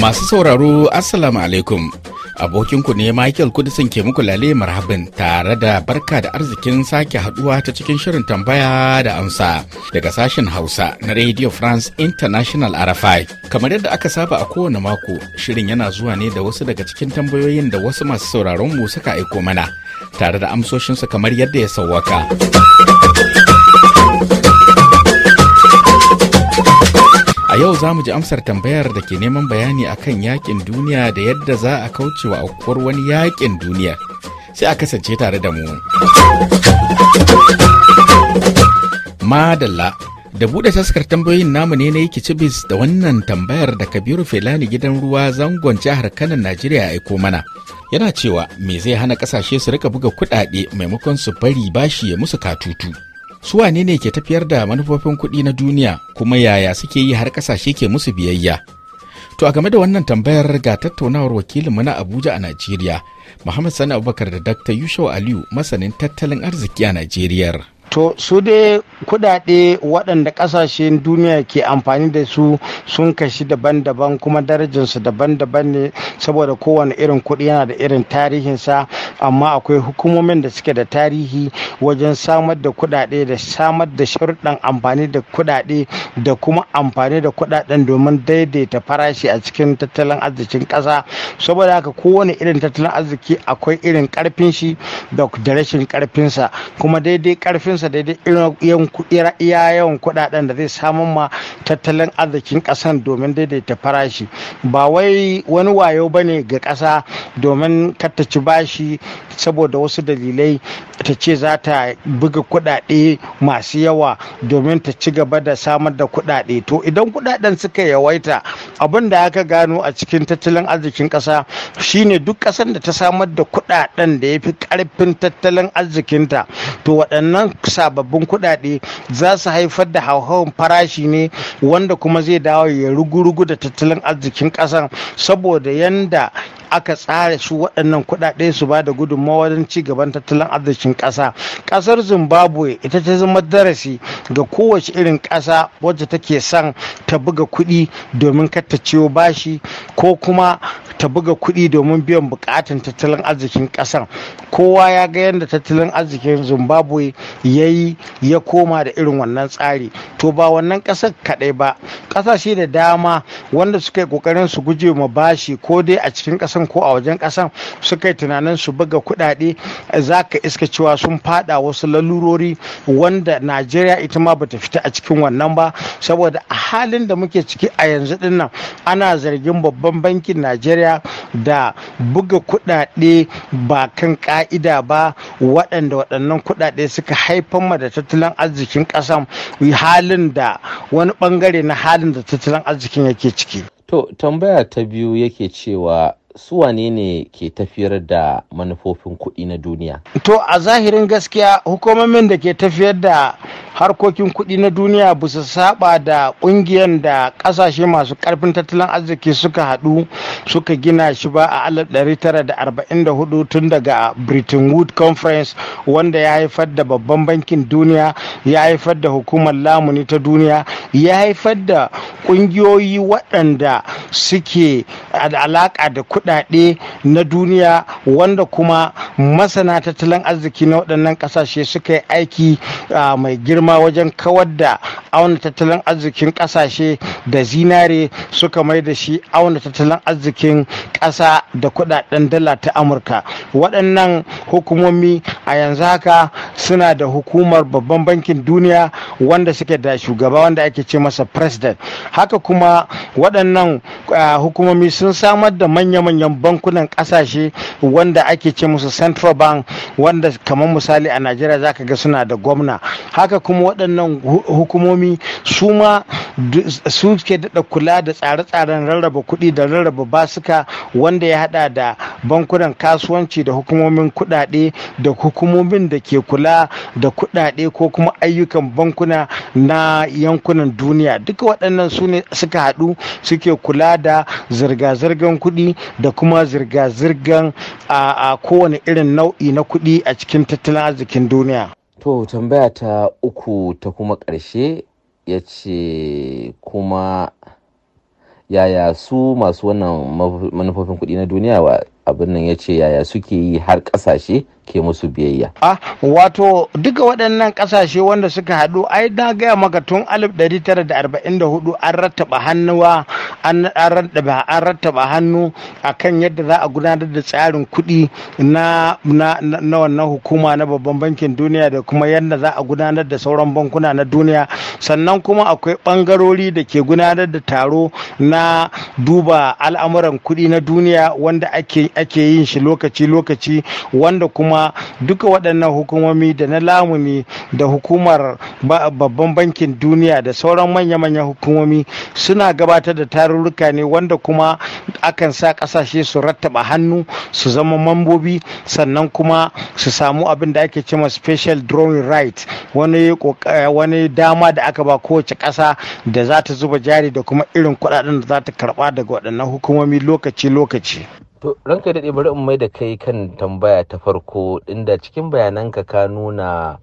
Masu sauraro Assalamu alaikum. Abokinku ne Michael Kudisin ke muku lale marhabin tare da barka da arzikin sake haduwa ta cikin shirin tambaya da amsa daga sashen Hausa na Radio France International RFI. Kamar yadda aka saba a kowane mako, shirin yana zuwa ne da wasu daga cikin tambayoyin da wasu masu sauraron mu suka aiko mana tare da amsoshinsu kamar yadda ya sauwaka. yau za mu ji amsar tambayar da ke neman bayani akan yakin duniya da yadda za a kauce wa aukuwar wani yakin duniya. Sai a kasance tare da mu. Madalla da buɗe taskar tambayoyin namu ne na yake cibis da wannan tambayar da kabiru felani gidan ruwa zangon jihar kano najeriya ya aiko mana yana cewa me zai hana ƙasashe su rika buga kuɗaɗe maimakon su bari bashi ya musu katutu su wane ne ke tafiyar da manufofin kuɗi na duniya kuma yaya suke yi har ƙasashe ke musu biyayya to a game da wannan tambayar ga tattaunawar wakilinmu na abuja a najeriya muhammad sani abubakar da dr yusuf aliyu masanin tattalin arziki a najeriya to su dai kudade waɗanda ƙasashen duniya ke amfani da su sun kashi daban-daban kuma darajinsu daban-daban ne saboda kowane irin kuɗi yana da irin tarihinsa amma akwai hukumomin da suke da tarihi wajen samar da kudade da samar da sharuɗan amfani da kudade da kuma amfani da kudaden domin daidaita farashi a cikin tattalin arzikin ƙasa saboda haka kowane irin tattalin arziki akwai irin ƙarfin shi da rashin ƙarfinsa kuma daidai ƙarfinsa sa daidai iya yawan kuɗaɗen da zai samun ma tattalin arzikin ƙasan domin daidaita farashi ba wai wani wayo ba ne ga ƙasa domin kattaci bashi saboda wasu dalilai ta ce za ta buga kuɗaɗe masu yawa domin ta ci gaba da samar da kuɗaɗe to idan kuɗaɗen suka yawaita abin da aka gano a cikin tattalin arzikin kasa shine duk kasan da ta samar da kuɗaɗen da ya fi karfin tattalin arzikinta to waɗannan sababbin kuɗaɗe za su haifar da hauhawan farashi ne wanda kuma zai dawo ya rugu da tattalin arzikin ƙasar saboda yanda aka tsara su waɗannan kuɗaɗe su ba da gudunmawa don ci gaban tattalin arzikin ƙasa ƙasar zimbabwe ita ta zama darasi ga kowace irin ƙasa wacce take son ta buga kuɗi domin kar ciwo bashi ko kuma ta buga kuɗi domin biyan buƙatun tattalin arzikin ƙasar kowa ya ga yadda tattalin arzikin zimbabwe ya yi ya koma da irin wannan tsari to ba wannan ƙasar kaɗai ba ƙasashe da dama wanda suka yi ƙoƙarin su guje ma bashi ko dai a cikin ƙasar kasan ko a wajen kasan suka yi tunanin su buga kuɗaɗe za ka iska cewa sun fada wasu lalurori wanda najeriya ita ma bata fita a cikin wannan ba saboda a halin da muke ciki a yanzu dinnan ana zargin babban bankin najeriya da buga kuɗaɗe ba kan ka'ida ba waɗanda waɗannan kuɗaɗe suka haifar ma da tattalin arzikin kasan halin da wani ɓangare na halin da tattalin arzikin yake ciki to tambaya ta biyu yake cewa su wane ne ke tafiyar da manufofin kuɗi na duniya to a zahirin gaskiya hukumomin da ke tafiyar da harkokin kuɗi na duniya ba su saba da ƙungiyar da ƙasashe masu ƙarfin tattalin arziki suka haɗu suka gina shi ba a 1944 tun daga Britain Wood Conference wanda ya haifar da babban bankin duniya ya haifar da hukumar lamuni ta duniya ya haifar da ƙungiyoyi waɗanda suke alaƙa da kuɗaɗe na duniya wanda kuma masana tattalin arziki na waɗannan ƙasashe suka yi aiki ah, mai girma Kuma wajen kawar da auna tattalin arzikin kasashe da zinare suka mai da shi auna tattalin arzikin kasa da kudaden dala ta amurka waɗannan hukumomi a yanzu haka suna da hukumar babban bankin duniya wanda suke da shugaba wanda ake ce masa president haka kuma waɗannan hukumomi sun samar da manya-manyan bankunan ƙasashe wanda ake ce musu central bank wanda kamar misali a najeriya zaka ga suna da gwamna haka kuma kuma waɗannan hukumomi su ma suke daɗa kula da tsare-tsaren rarraba kuɗi da rarraba basuka wanda ya haɗa da bankunan kasuwanci da hukumomin kuɗaɗe da hukumomin da ke kula da kuɗaɗe ko kuma ayyukan bankuna na yankunan duniya duka waɗannan su ne suka haɗu suke kula da zirga-zirgan kuɗi da kuma zirga-zirgan a kowane irin nau'i na kuɗi a cikin tattalin arzikin duniya. to tambaya ta uku ta kuma ƙarshe ya ce kuma yaya su masu wannan manufofin kuɗi na duniya abin nan ya ce yaya suke yi har ƙasashe ke musu biyayya. Ah, wato duka waɗannan ƙasashe wanda suka haɗu ai na gaya maka tun 1944 an rattaba hannuwa an rattaba hannu akan yadda za a gudanar da tsarin kuɗi na wannan hukuma na babban bankin duniya da kuma yadda za a gudanar da sauran bankuna na duniya sannan kuma akwai ɓangarori da ke gudanar da taro na duba al'amuran kuɗi na duniya wanda ake yin shi lokaci-lokaci wanda kuma kuma duka waɗannan hukumomi da na lamuni da hukumar babban bankin duniya da sauran manya-manyan hukumomi suna gabatar da tarurruka ne wanda kuma akan sa ƙasashe su rattaba hannu su zama mambobi sannan kuma su samu abin da ake cema special drawing right wani dama da aka ba kowace ƙasa da za ta zuba jari da kuma irin kuɗaɗen da za ta karɓa daga waɗannan hukumomi lokaci-lokaci to ranka daɗe bari in mai da kai kan tambaya ta farko inda cikin bayananka ka nuna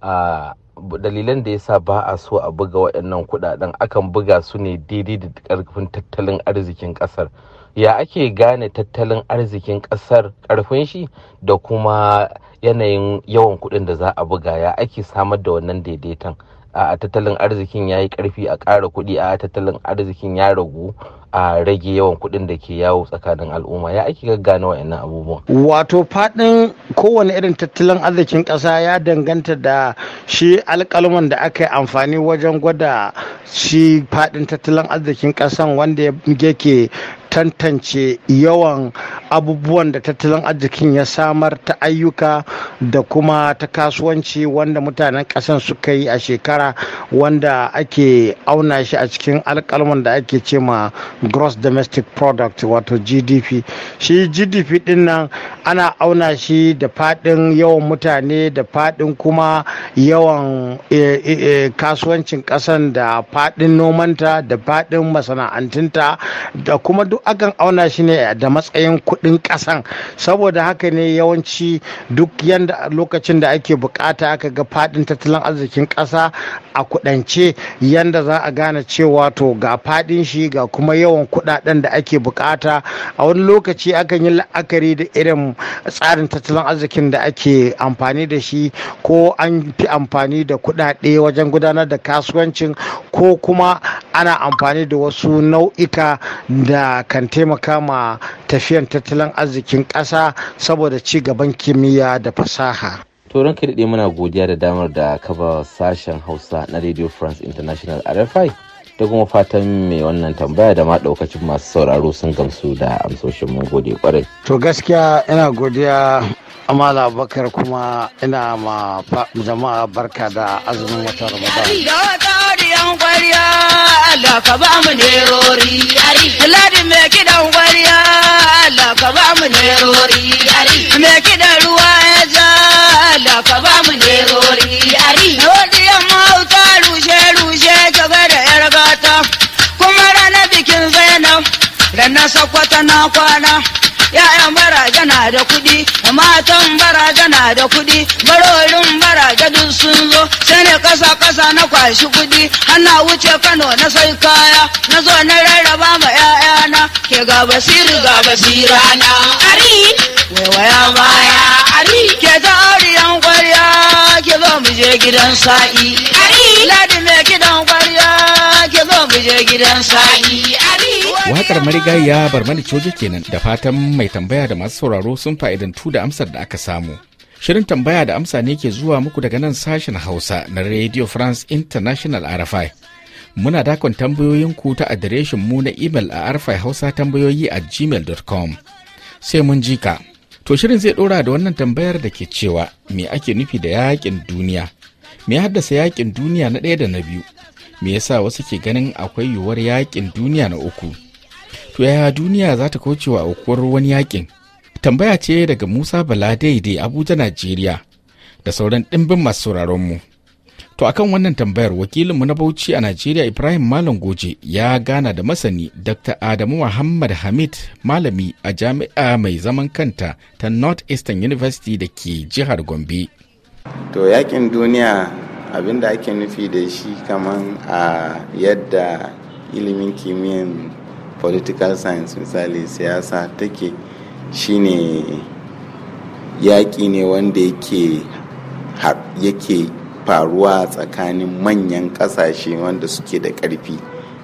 a dalilan da yasa ba a so a buga waɗannan kuɗaɗen akan buga su ne daidai da ƙarfin tattalin arzikin ƙasar ya ake gane tattalin arzikin ƙasar ƙarfin shi da kuma yanayin yawan kuɗin da za a buga ya ake samar da wannan daidaiton a tattalin arzikin ya yi karfi a ƙara kuɗi a tattalin arzikin ya ragu a rage yawan kuɗin da ke yawo tsakanin al'umma ya ake gaggana wa'annan abubuwan wato faɗin kowane irin tattalin arzikin ƙasa ya danganta da shi alƙalman da aka yi amfani wajen gwada shi faɗin tattalin arzikin ƙasan wanda yake tantance yawan abubuwan da tattalin arzikin ya samar ta ayyuka da kuma ta kasuwanci wanda mutanen ƙasan suka yi a shekara wanda ake auna shi a cikin alkalman da ake ce ma gross domestic product wato gdp shi gdp din nan ana auna shi da faɗin yawan mutane da faɗin kuma yawan eh, eh, eh, kasuwancin ƙasan da faɗin nomanta da faɗin masana'antunta da kuma duk akan auna shi ne da matsayin kuɗin kasan saboda haka ne yawanci duk yanda lokacin da ake bukata aka ga faɗin tattalin arzikin ƙasa a kudance yanda za a gane cewa to ga faɗin shi ga kuma yawan kuɗaɗen da ake bukata a wani lokaci akan yi la'akari da irin tsarin tattalin arzikin da ake amfani da shi ko an fi amfani da kuɗaɗe wajen gudanar da kasuwancin ko kuma ana amfani da wasu nau'ika da kan taimaka ma tafiyan tattalin arzikin ƙasa saboda ci gaban kimiyya da fasaha. turan kirɗe daɗe muna godiya da damar da kafa sashen hausa na radio france international rfi da kuma fatan mai wannan tambaya da ma ɗaukacin masu sauraro sun gamsu da amsoshin mun gode kwarai. to gaskiya ina godiya amala bakar kuma ina ma jama'a barka da azumin watan ramadan yan kwariya Allah ka ba mu nerori yari Ladi me kidan kwariya Allah ka ba mu nerori yari me kidan ruwa ya ja Allah ka ba mu nerori yari Wadi yamma wuta rushe rushe ka ga da yar gata kuma ranar bikin Zainab ranar sakwata na kwana da kudi matan baraga na da kuɗi barorin baraga duk sun zo sai ne kasa kasa na kwashi kuɗi ana wuce kano na sai kaya na zo na rarraba ma 'ya'yana ke ga basiru ga na ari waya baya ari ke ta ariyan kwarya ke zo mu je gidan sa'i ari ladi me gidan kwarya ke zo mu je gidan sa'i waƙar marigayya barmani coji kenan da fatan mai tambaya da masu sauraro sun fa'idantu da amsar da aka samu. Shirin tambaya da amsa ne ke zuwa muku daga nan sashen Hausa na Radio France International RFI. Muna dakon tambayoyinku ta adireshin mu na imel a arfai Hausa tambayoyi a gmail.com. Sai mun ji ka. To shirin zai dora da wannan tambayar da ke cewa me ake nufi da yakin duniya? Me haddasa yakin duniya na ɗaya da na biyu? Me yasa wasu ke ganin akwai yiwuwar yaƙin duniya na uku? to yaya duniya za ta wa aukuwar wani yakin tambaya ce daga musa bala daidai abuja najeriya da sauran ɗimbin masu sauraron mu to akan wannan tambayar wakilinmu na bauchi a najeriya ibrahim malam goje ya gana da masani dr adamu muhammad hamid malami a jami'a mai zaman kanta ta north eastern university da ke jihar gombe to yakin duniya abinda ake nufi da shi kaman a ah, yadda ilimin kimiyyar political science misali siyasa take shine yaƙi ne wanda yake yake faruwa tsakanin manyan ƙasashe wanda suke da ƙarfi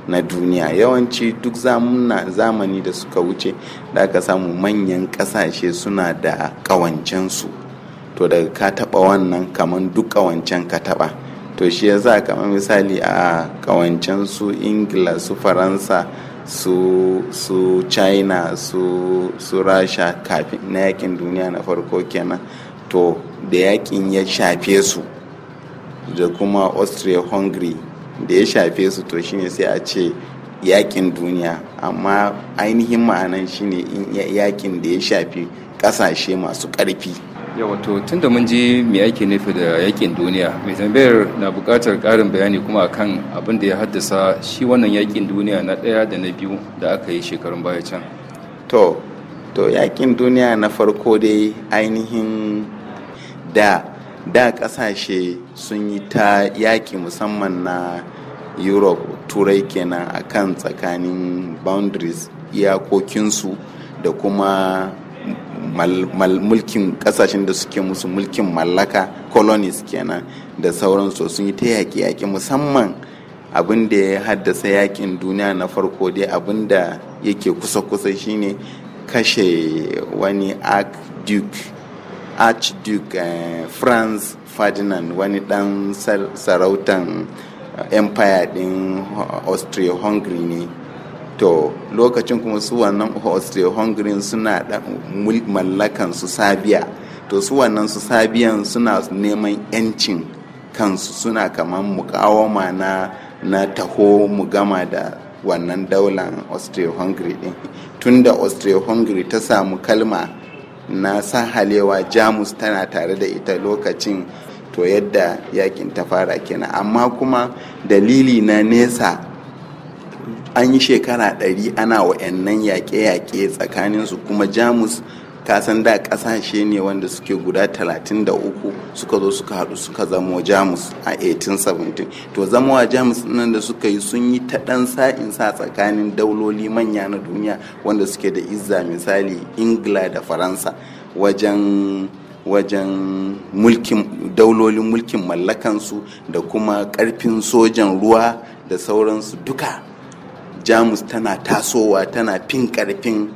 na duniya yawanci duk zamani da suka wuce da aka samu manyan ƙasashe suna da ƙawancensu to daga ka taɓa wannan kamar duk ƙawancen ka taɓa to shi ya yasa kamar misali a ƙawancen ingila su faransa su su china su su rasha kafin na yakin duniya na farko kenan to da yakin ya shafe su da kuma austria hungary da ya shafe su to shine sai a ce yakin duniya amma ainihin ma'anan shine yakin da ya shafi kasashe masu ƙarfi. wato tun da mun ji me ake nufi da yakin duniya mai tambayar na bukatar ƙarin bayani kuma akan abin da ya haddasa shi wannan yakin duniya na ɗaya da na biyu da aka yi shekarun baya can to to yakin duniya na farko dai ainihin da da kasashe sun yi ta yaki musamman na europe turai kenan akan tsakanin boundaries iyakokinsu da kuma mulkin kasashen da suke musu mulkin mallaka colonies kenan da sauransu sun yi ta yaƙi-yaƙi musamman abin da ya haddasa yaƙin duniya na farko dai abin da yake kusa-kusa shine kashe wani archduke archduke uh, franz ferdinand wani ɗan sarautan eh, empire ɗin austria-hungary ne to lokacin kuma su wannan austria-hungary suna mallakan su sabiya to su wannan su sabiyan suna neman yancin kansu suna kamar mukawama na na taho mu gama da wannan daular austria-hungary din da austria-hungary ta samu kalma na sahalewa jamus tana tare da ita lokacin to yadda yakin ta fara kenan amma kuma dalili na nesa an yi shekara ɗari ana wa'annan yaƙe-yaƙe tsakaninsu kuma jamus ka san da ƙasashe ne wanda suke guda 33 suka zo suka haɗu suka zamo jamus a 1817 to zamowa jamus nan da suka yi sun yi ta ɗan sa'in sa tsakanin dauloli manya na duniya wanda suke da izza misali ingila da faransa wajen wajen mulkin daulolin mulkin mallakansu da kuma ƙarfin sojan ruwa da sauransu duka jamus tana tasowa tana fin karfin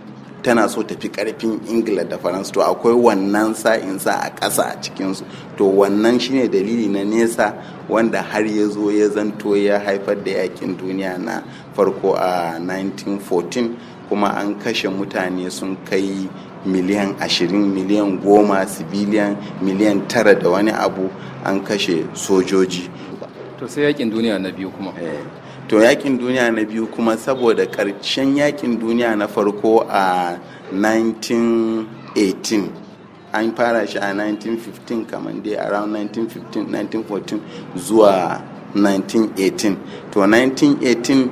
tana so fi karfin ingila da faransa to akwai wannan sa a ƙasa a cikinsu to wannan shine dalili na nesa wanda har ya zo ya zanto ya haifar da yakin duniya na farko a 1914 kuma an kashe mutane sun kai miliyan 20 miliyan 10 civilian miliyan 9 da wani abu an kashe sojoji to sai yakin duniya na biyu kuma eh. to yakin duniya na biyu kuma saboda ƙarshen yakin duniya na farko a 1918 an fara shi a 1915 kamar dai around 1915 1914 zuwa 1918 to 1918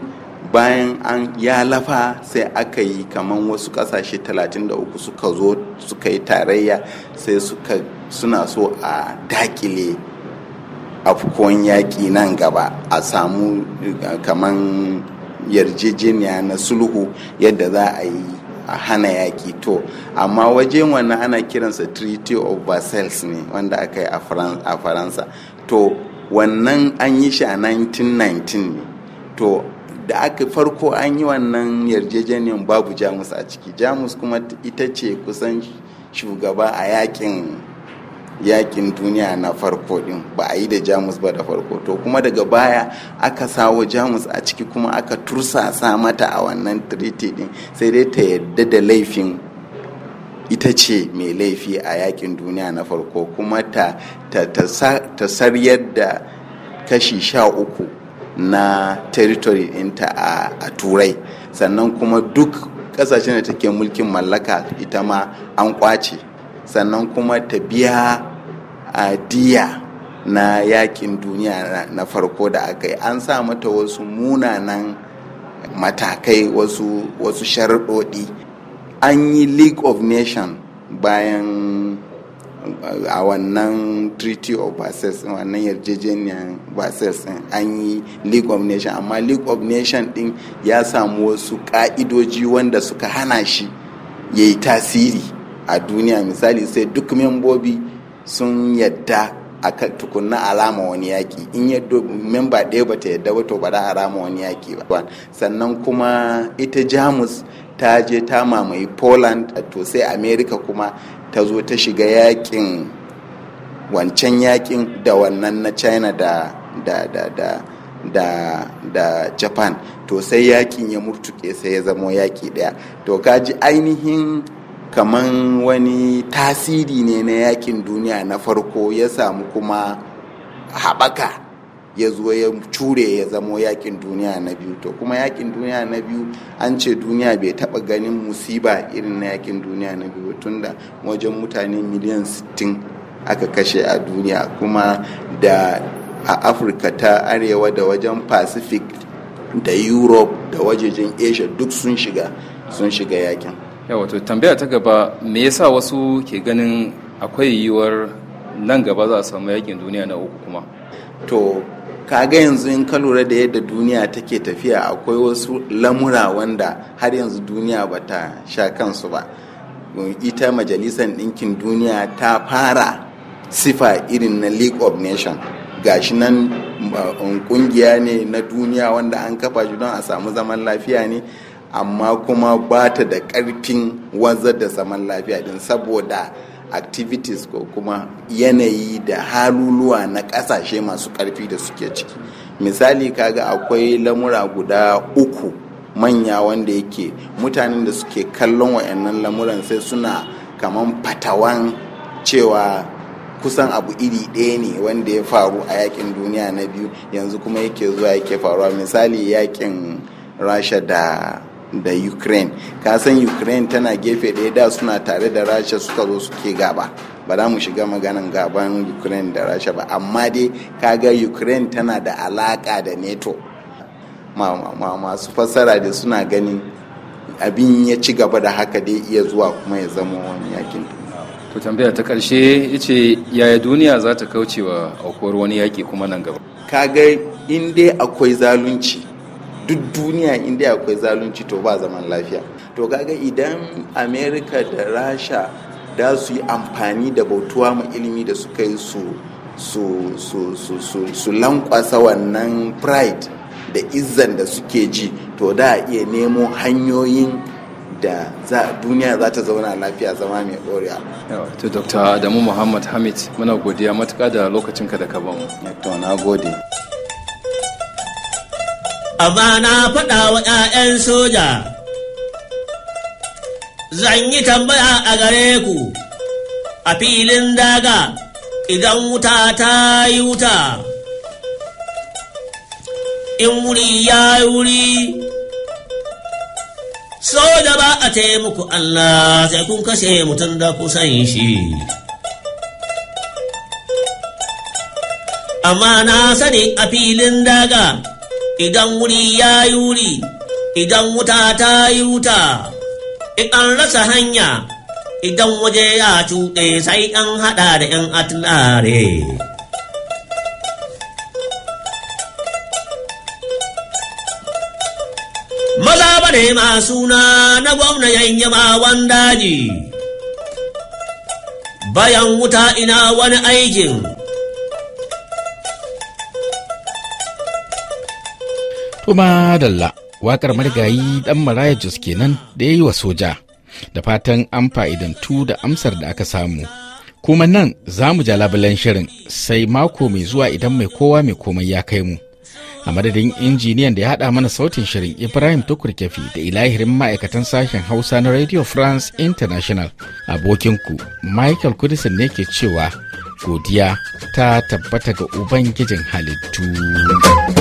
bayan an ya lafa sai aka yi kamar wasu kasashe 33 suka zo suka yi tarayya sai suka suna so a dakile afkon yaƙi nan gaba a samu eh, kaman yarjejeniya na sulhu yadda za a yi a hana yaƙi to amma wajen wannan ana kiransa treaty of versailles ne wanda aka yi a faransa to wannan an yi shi a 1919 ne to da aka farko an yi wannan yarjejeniyar babu jamus a ciki jamus kuma ita ce kusan shugaba a yakin yakin duniya na farko din ba a yi da jamus ba da farko to kuma daga baya aka sawo jamus a ciki kuma aka tursasa mata a wannan treaty din sai dai ta yadda da laifin ita ce mai laifi a yakin duniya na farko kuma ta, saryar da kashi sha uku na territory ɗinta a, a turai sannan kuma duk ƙasashen da take mulkin mallaka ita ma an kwace sannan kuma ta biya a diya na yakin duniya na farko da aka yi an sa mata wasu munanan matakai wasu wasu sharaɗoɗi an yi league of nation bayan a wannan treaty of Versailles wannan yarjejeniyar Versailles an yi league of nation amma league of nation din ya samu wasu ka'idoji wanda suka hana shi ya yi tasiri a duniya misali sai duk membobi sun yadda a tukunna alama wani yaƙi. in yadda memba ɗaya ba ta yadda ba to ba a rama wani yaƙi ba sannan kuma ita jamus ta je ta mamaye poland to sai america kuma ta zo ta shiga yaƙin wancan yaƙin da wannan na china da da da da da da japan to sai yakin ya murtuke sai ya zamo yaki daya to kaji ainihin kaman wani tasiri ne na yakin duniya na farko ya samu kuma haɓaka ya zo ya cure ya zamo yakin duniya na biyu to kuma yakin duniya na biyu an ce duniya bai taɓa ganin musiba irin na yakin duniya na biyu tunda wajen mutane miliyan 60 aka kashe a duniya kuma da a afirka ta arewa da wajen pacific da europe da wajejen asia duk sun shiga sun shiga yakin yawa to tambaya ta gaba me yasa wasu ke ganin akwai yiwuwar nan gaba za a samu yakin duniya na uku kuma to kaga yanzu in ka lura da yadda duniya take tafiya akwai wasu lamura wanda har yanzu duniya ba ta sha kansu ba ita majalisar ɗinkin duniya ta fara sifa irin na league of nation gashi nan kungiya ne na duniya wanda an kafa shi don a samu zaman lafiya ne amma kuma ba ta da ƙarfin wanzar da zaman lafiya din saboda activities ko kuma yanayi da haluluwa na ƙasashe masu karfi da suke ciki misali kaga akwai lamura guda uku manya wanda yake mutanen da suke kallon wa'annan lamuran sai suna kaman fatawan cewa kusan abu iri ɗaya ne wanda ya faru a yakin duniya na biyu yanzu kuma yake zuwa yake faruwa misali yakin rasha da da ukraine ka san ukraine tana gefe ɗaya da suna tare da rasha suka zo suke gaba ba za mu shiga maganan gaban ukraine da rasha ba amma dai kaga ukraine tana da alaka da neto masu fassara da suna ganin abin ya ci gaba da haka dai iya zuwa kuma ya zama wani yakin to tambaya ta karshe ya ce yaya duniya za ta kaucewa wa aukuwar wani yaki kuma nan gaba kaga in dai akwai zalunci duk duniya inda akwai zalunci to ba zaman lafiya to kaga idan america da rasha da su yi amfani da bautuwa ma ilimi da suka yi su su su su su, su lankwasa wannan pride da izzan da suke ji to da iya nemo hanyoyin da za duniya za ta zauna lafiya zama mai ɗoriya. to dr adamu muhammad hamid muna godiya matuƙa da lokacin ka da ka bamu to na gode. amma na faɗa wa 'ya'yan soja zan yi tambaya a gare ku a filin daga idan wuta ta yi wuta in wuri ya yi wuri soja ba a taimaku Allah sai kun kashe mutum da kusan shi amma na sani a filin daga idan wuri ya yi wuri idan wuta ta yi wuta idan rasa hanya idan waje ya cuɗe sai an haɗa da 'yan atlare maza ba ne suna na gwamna yamawan daji bayan wuta ina wani aikin Kuma dalla waƙar marigayi ɗan Maraya Jos kenan da ya yi wa soja da fatan an fa'idantu da amsar da aka samu. Kuma nan za mu ja labulen shirin sai mako mai zuwa idan mai kowa mai komai ya kai mu. A madadin injiniyan da ya haɗa mana sautin shirin Ibrahim Tukurkefi da ilahirin ma'aikatan sashen Hausa na Radio France International abokinku Michael Kudisin ne ke cewa godiya ta tabbata ga Ubangijin halittu.